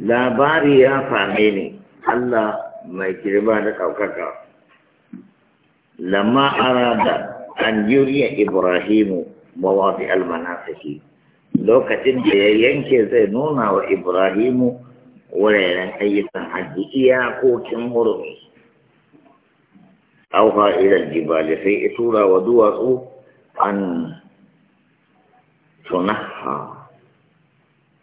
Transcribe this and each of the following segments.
labari ya same ni Allah mai girma da ɗaukaka lamma arada an juriya ibrahimu mawafi almanasiki lokacin da ya yanke zai nuna wa ibrahimu wuraren ayyukan hajji iyakokin hurumi auha ilal jibali sai ya tura wa duwatsu an sunaha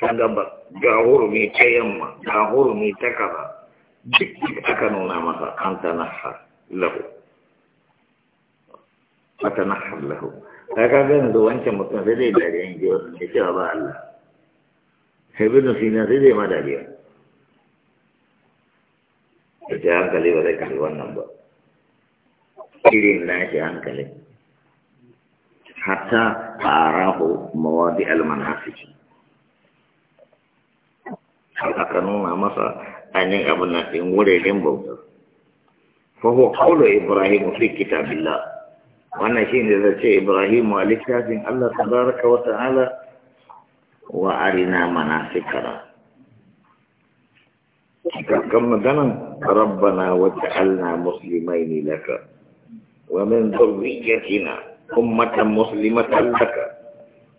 ta gabas ga hurumi ta yamma ga hurumi ta kaza duk aka nuna masa an tanahar lahu a tanahar lahu ta ka gani da wancan mutum sai dai dariya in ji wasu da cewa ba Allah sai bin sina sai dai ma dariya ita hankali ba zai kalli wannan ba irin nashi hankali hatta a arahu mawadi al-manafiki har aka nuna masa ainihin abin na ɗin wuraren bauta fahu kaulo ibrahim fi kitabillah wannan shi ne zai ce ibrahim a littafin allah tabaraka wa ta'ala wa arina manasikana cikakken maganan rabbana wata alna musulmai ne laka wa min zurriyatina ummatan muslimatan laka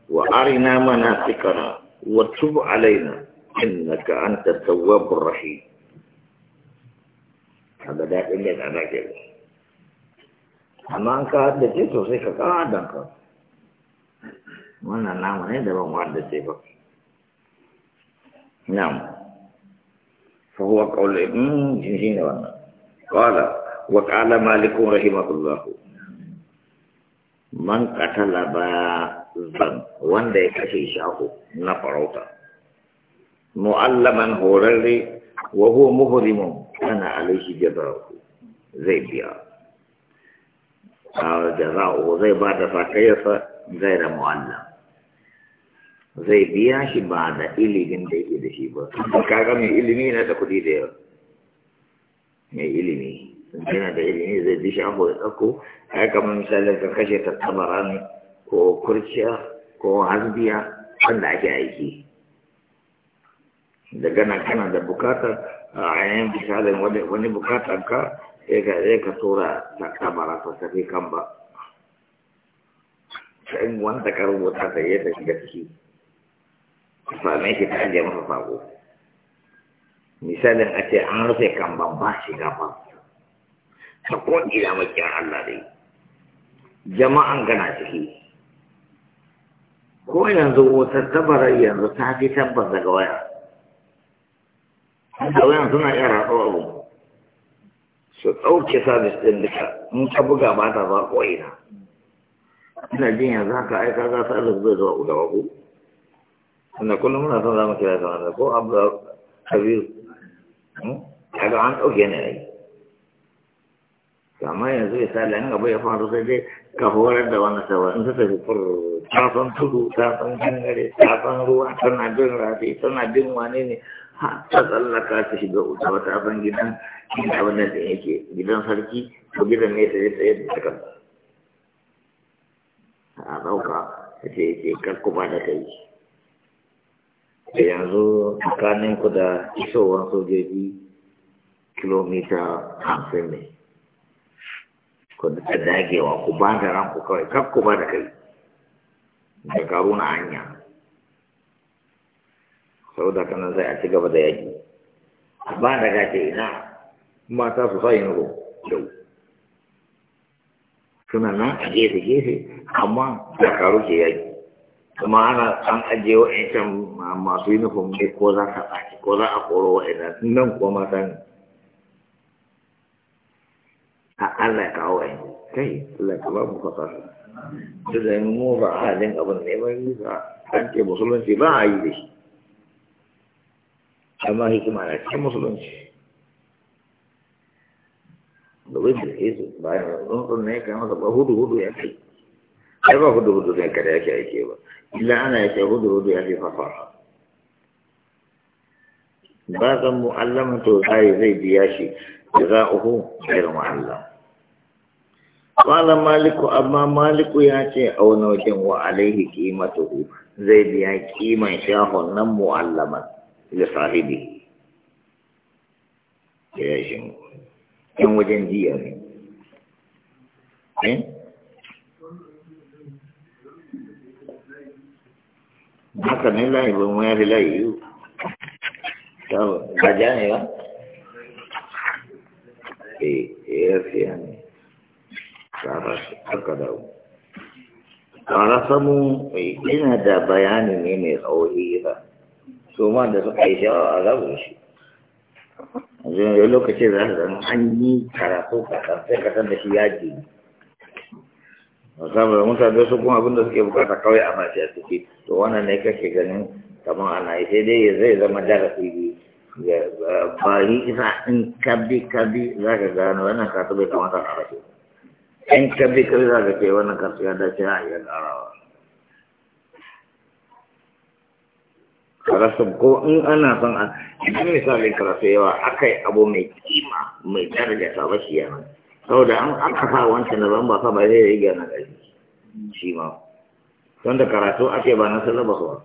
wa arina manasikana wa tub alaina innaka antat tawwabur rahim kada da inda da da ke amma ka da ke to sai ka ka dan ka wannan nama ne da ban wanda sai ba na'am fa huwa qawlu ibn jinjina wannan qala wa qala maliku rahimahullah man qatala ba zan wanda ya kashe shaku na farauta معلما هورري وهو مهرم كان عليه جزاؤه زي بيا آه، جزاؤه زي بعد فكيف غير معلم زي بيا شي بعد إلي من دي إلي شي بقى كاكا من إلي مين هذا كده من إلي مين yana da إلي مين زي shi abu أكو هكا من yi kamar misalin كو kashe كو ko عند عجائي daga nan kana da bukatar a yayin misalin wani bukatar ka sai ka tura ta kamara ta tafi kan ba in wanda ka rubuta ta yi ta shiga ciki same shi ta ajiye masa sako misalin a ce an rufe kan ban ba shiga ba ta ko da makiyar Allah dai jama'an gana ciki ko yanzu wata tabarar yanzu ta fi tabbas daga waya da wayan suna iya raɗo abu su ɗauke sabis ɗin duka in ka buga ba ta ba ƙo'ina ina jin yanzu haka aika za sabis zai zuwa gaba ku wanda kullum muna son zamu mu kira kamar da ko abu Ya hmm? kaga an ɗauke ne ai amma yanzu sa an gaba ya faru sai dai ka horar da wani sabon in ta tafi fur ta san tudu ta san gangare ta san ruwa tana bin rafi tana bin wane ne hatta tsallaka ta shiga uta wata abin gidan inda wannan da yake gidan sarki ko gidan ne ta tsaye da takan a ɗauka ta ce ce kakkuba da kai da yanzu tsakanin ku da isowar sojoji kilomita hamsin ne ku da dagewa ku ba da ranku kawai kakkuba da kai da karuna hanya saboda haka nan sai a ci gaba da yaki ba da gace ina mata su sa yin ro yau suna nan a gefe gefe amma dakaru ke yaki kuma ana an ajiye wa'ancan masu yi nufin ne ko za ka ɓaci ko za a koro wa'annan nan kuwa mata ne a Allah ya kawo wa'in kai Allah ka ba mu fasa duk da mu ba a halin abin ne ba yi ba an ke musulunci ba a yi da shi amma hikima na cikin musulunci domin bilkisu bayan rundun ne kai masa ba hudu hudu ya kai ai ba hudu hudu ne kada yake ake ba illa ana yake hudu hudu ya fi fafa ba zan mu'allama to tsari zai biya shi da za uhu irin mu'allam Wala maliku amma maliku ya ce a wani wajen wa alaihi kimatuhu zai biya kiman shahon nan mu'allaman لصاحبه ya shi in wajen jiya ne eh? haka ne layi ba mu yari layi yiwu ta ja ne ba e ya fiya ne haka da ƙara samu eh, ina da bayani ne mai tsawo hira su ma da suka yi shawa a zaɓin shi yanzu lokacin da zan an yi karatu kaɗan sai kaɗan da shi yaji musamman mutane su kuma abinda suke bukata kawai a mace a ciki to wannan ne kake ganin kamar ana yi sai dai zai zama darasi ba yi isa in kabi kabi za ka gano wannan kasu bai kamata a rasu in kabi kabi za ka ce wannan kasu ya dace a iya ƙarawa karatu ko in ana son a Idan misalin karatu yawa aka yi abu mai kima mai daraja ta bashi yana saboda an aka sa wancan na ban ba sa ba zai yi gana da shi ma don da karatu ake ba na sallaba ba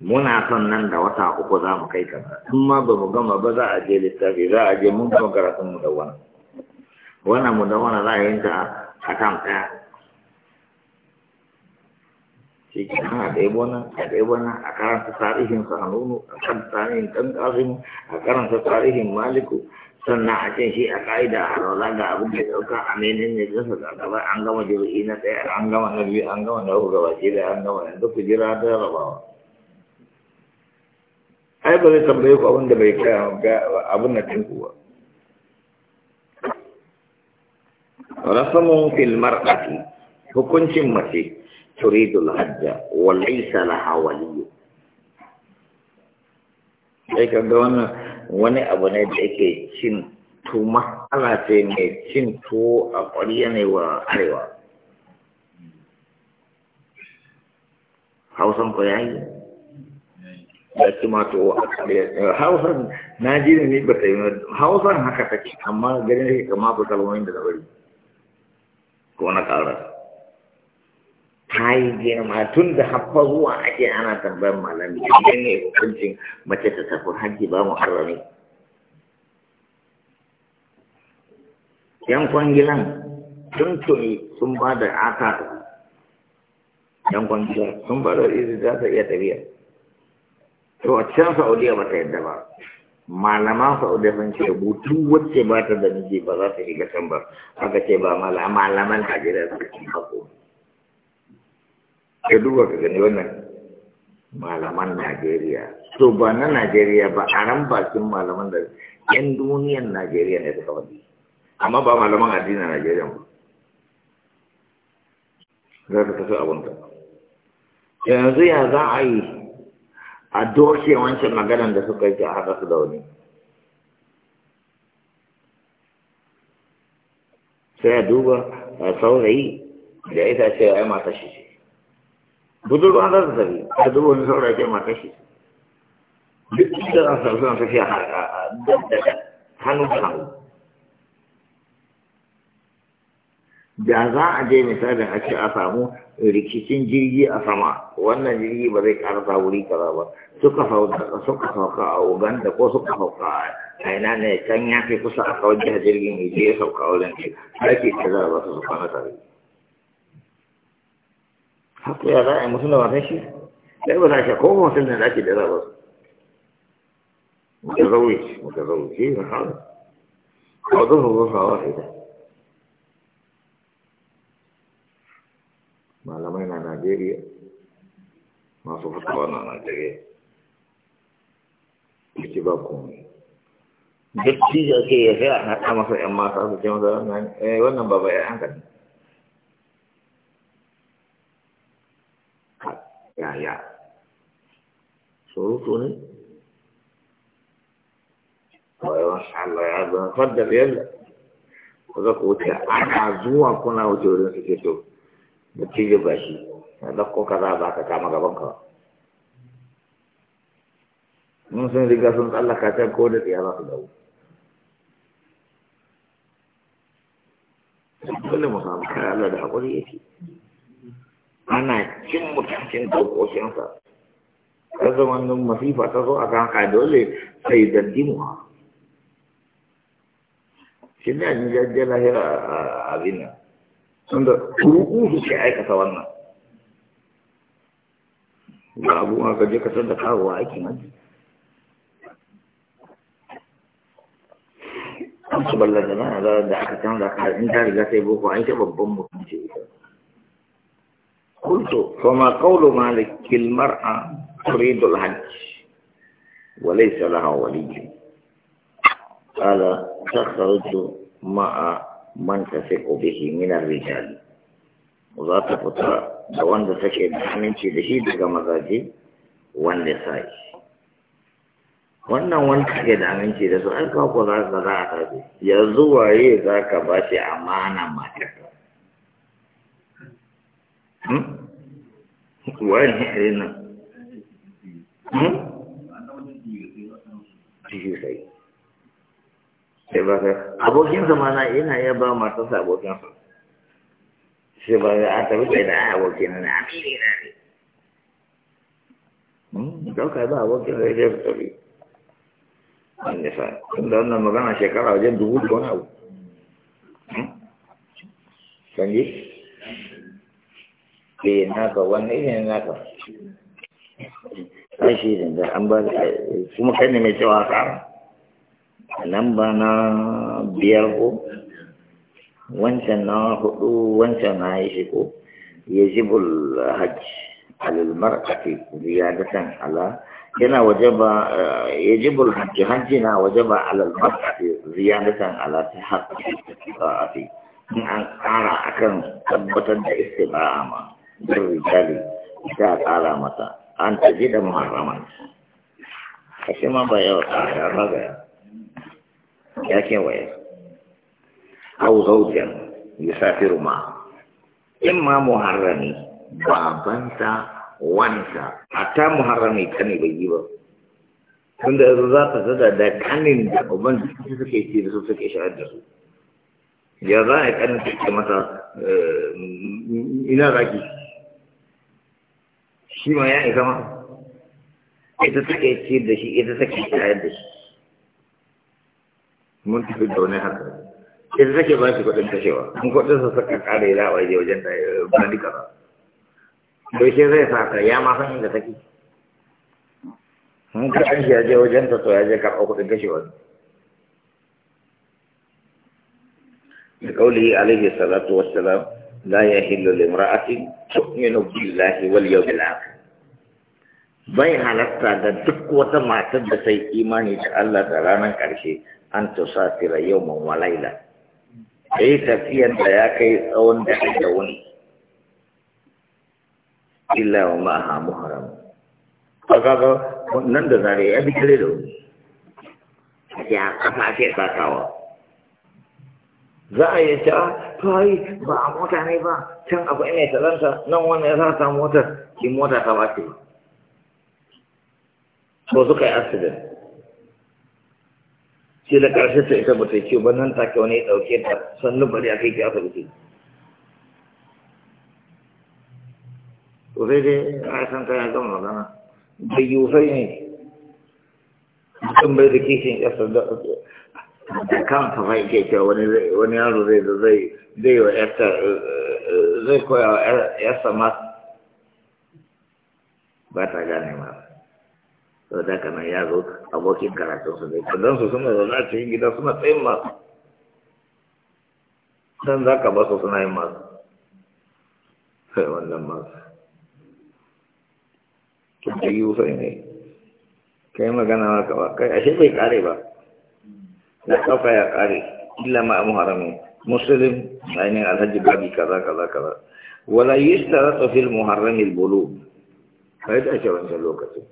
muna son nan da wata uku za mu kai kaza in ma ba mu gama ba za a je littafi za a je mun gama karatun mu da wannan wannan mu da wannan za a yi ta a kan ɗaya shi ke nan a ɗaibo nan a ɗaibo nan a karanta tarihin sanunu a kan tarihin ɗan a karanta tarihin maliku sannan a can shi a ƙa'ida a rola ga abin da ɗauka a menin ne jinsa da gaba an gama jirgi na ɗaya an gama na biyu an gama na uku gaba ce da an gama yanzu ku jira ta rabawa ai ba zai tambaye ku abin da bai kai abin na tinku ba rasamun fil mar'ati hukuncin mace تريد الحج وليس لها ولي sai ka ga wannan wani abu ne da yake cin to matsala ce mai cin to a ƙwariya ne wa arewa hausan ku yayi ya ci ma to a ƙwariya hausan na ji ne ba ta yi hausan haka take amma ganin da ke kama ba kalmomin da na bari ko na ƙara ta yi girma tun da haffa zuwa ake ana tambayar malami idan ne hukuncin mace ta tafi hajji ba mu muharrami yan kwangilan tun tuni sun ba da aka yan kwangilan sun ba da izini za ta iya tafiya to a can saudiya ba ta yadda ba malaman saudiya sun ce butu wacce ba ta da miji ba za ta shiga can ba aka ce ba malaman najeriya suka ci ba komai ka duba ka gani wannan malaman Najeriya to ba na Najeriya ba a ran bakin malaman da yan duniyan Najeriya ne suka wadi amma ba malaman addinin Najeriya ba za ka tafi abinka yanzu ya za a yi a doke wancan maganan da suka yi a haɗa su da wani sai a duba a saurayi da ita ce ya mata shi ce budurwa za su tafi ta zuba wani saurayi ke mata shi duk da za su tafi suna tafiya hannu da hannu da za a je misalin a ce a samu rikicin jirgi a sama wannan jirgi ba zai karasa wuri kaza ba suka sauka a uganda ko suka sauka a ina ne can ya fi kusa a kawai jirgin ya je sauka wurin ce ake ta za ba su sauka na tarihi haka ya za a yi musu da wasan shi sai ba za ka ko hotel ne da ake da zaba mutazawij mutazawij shi ne hau a zan zo sawa sai da malamai na najeriya masu fuskawa na najeriya yake ba komai duk cijin ke ya sai a haɗa masa 'yan mata su ce masa wannan baba eh, ya hankali yaya surutu ne bayan zama za ku wuce zuwa wuce wurin suke da kaza ka kama gaban ka mun sun riga sun tsallaka can ko da tsiya za su da haƙuri ana cin mutuncin dokokinsa kaga wannan masifa ta zo a kan haka dole sai zaddimuwa shi ne a jijajjen lahira a abin nan tunda ruku su ke aikata wannan ga abubuwa ka je ka da kawowa aiki maji an su ballata na da aka canza ka in ta riga sai boko an ce babban mutum ce ita Kultu, koma kaulu malik kilmar'a turidul hajj. Walai salaha waliju. Ala sakhaltu ma'a man tasiku bihi minar rijal. Zata putra, da wanda sake aminci da shi daga mazaji wanda sai. Wannan wanda sake da aminci da su aika ku za ka za a tafi, yanzu waye za ka ba shi amana matakar. Hmm? Wani ne a yin nan hmm? sai ba ka abokin zamana yana iya ba matarsa abokinsa sai ba a tafi kai da abokin na amiri na ne hmm? dauka ba abokin da ya tafi an nisa inda wannan magana shekara wajen dubu da wani abu hmm? ke ka wani, ne naka ai shi ne da an ba kuma kai ne mai cewa ka nan ba na biyar ko wancan na hudu wancan na yi shi ko yajibul hajj alal mar'ati ziyadatan ala yana wajaba yajibul hajj hajji na wajaba alal mar'ati ziyadatan ala ta haqqi ta'ati in an kara akan tabbatar da istiba'a ma berjali جاء ala mata anta تجد محرما kashe ma ba yawa ya raga ya kewaye hau zaujen ya safi ma. in ma muharrami babanta wanta a ta muharrami ta ne bai yi ba tunda yanzu za ta zada da kanin da uban su suke ci da su suke sha'ar da su ya za a kanin suke mata eh, ina zaki shi ma ya isa ma ita take ciyar da shi ita take shayar da shi mun tafi da wani haka ita take ba shi kuɗin kashewa in kuɗin sa saka ƙara ila waje wajen da eh, ba ni kaza to shi zai sa ka ya ma san inda take mun kaɗan shi ya je wajen ta to ya je karɓar kuɗin kashewa لقوله عليه الصلاة والسلام لا يحل لامرأة تؤمن بالله واليوم الآخر bai halatta da duk wata matar da sai imani da Allah da ranar ƙarshe an tusafira yau man walaila da yi tafiyar da ya kai tsawon da da wuni illa wa ma'aha muharam a ga nan da zare ya bi kare da wuni ya kasa ce sakawa za a yi ta to ba a mota ne ba can abu ne talarsa nan wannan ya sa mota ki mota ta ba ce ba ko suka yi accident shi da ƙarshe ta ita bata ce ba nan take wani ɗauke ta sannu bari a kai ki asibiti to sai dai a san ta ya gama magana bai yi wufai ne mutum bai da kishin ƙasar da da kanta fa ke cewa wani yaro zai zai zai wa yarta zai koya wa yarsa ma ba ta gane ma to da kana ya zo abokin karatun su ne kallon su suna zaune a cikin gida suna tsayin masu don za ka basu suna yin masu sai wannan masu tun da wusa sai ne kai magana maka ba kai ashe bai kare ba na kafa ya kare illa ma amu Musulun. muslim ainihin alhaji babi kaza kaza kaza wala yi yustaratu fil muharramil bulub kai da ake wancan lokacin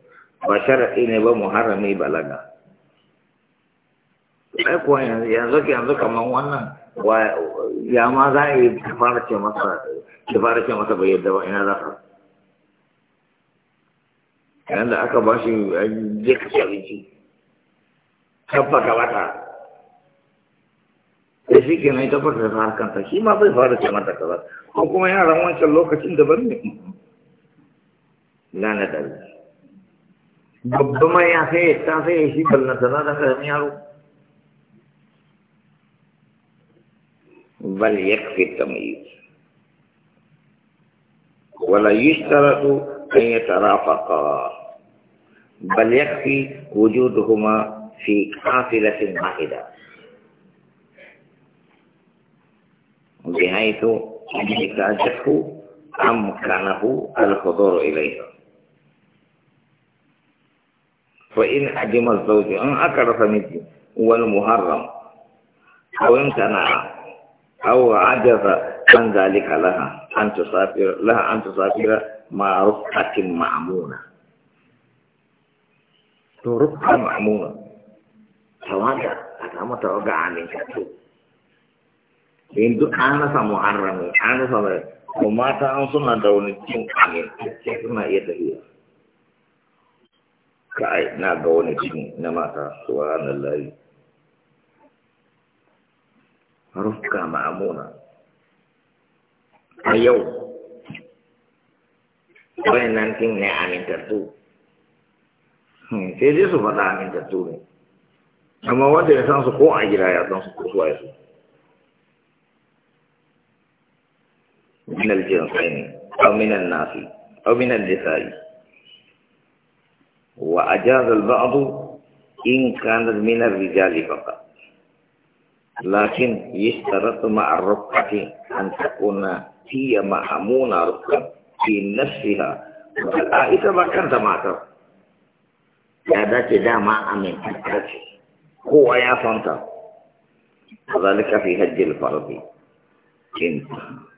ba sharaɗi ne ba muharrami balaga ai kuwa yanzu yanzu kamar wannan Wa ya ma za a yi fara ce masa ki fara ce masa bai yadda ba ina za ka yayin da aka ba shi je ka ci abinci tabba ka bata da shi ke mai tabbar da harkanta shi ma bai fara ce mata kaza ko kuma yaran wancan lokacin da ban ne lana da ਗੱਬ ਮੈਂ ਆਸੇ ولا يشترط أن يترافقا بل يكفي وجودهما في قافلة واحدة بحيث أن يتأجحوا أمكنه الحضور إليهم فإن أجم الزوج أن أكر فمثل والمحرم أو امتنع أو عجز عن ذلك لها أن تسافر لها أن تسافر مع رفقة معمونة رفقة معمونة تواجع أتى ما توقع عليك إن دو أنا سمحرم أنا سمحرم وما تأنسون دوني تين أمين تكتنا يتهيئ kai na ga wani jini na mata subhanan layi rufka ma'amuna a yau wayannan tin ne amintattu hmm, sai dai su faɗa amintattu ne amma wanda ya san su ko a gida ya san su ko suwa ya su min aljinsai ne au min annasi au min annisa'i وأجاز البعض إن كانت من الرجال فقط لكن يشترط مع الركعة أن تكون هي مأمونة ركعة في نفسها والآئسة ما كانت معتر هذا كذا ما أمن هو يا فانتا وذلك في هج الفرض انتهى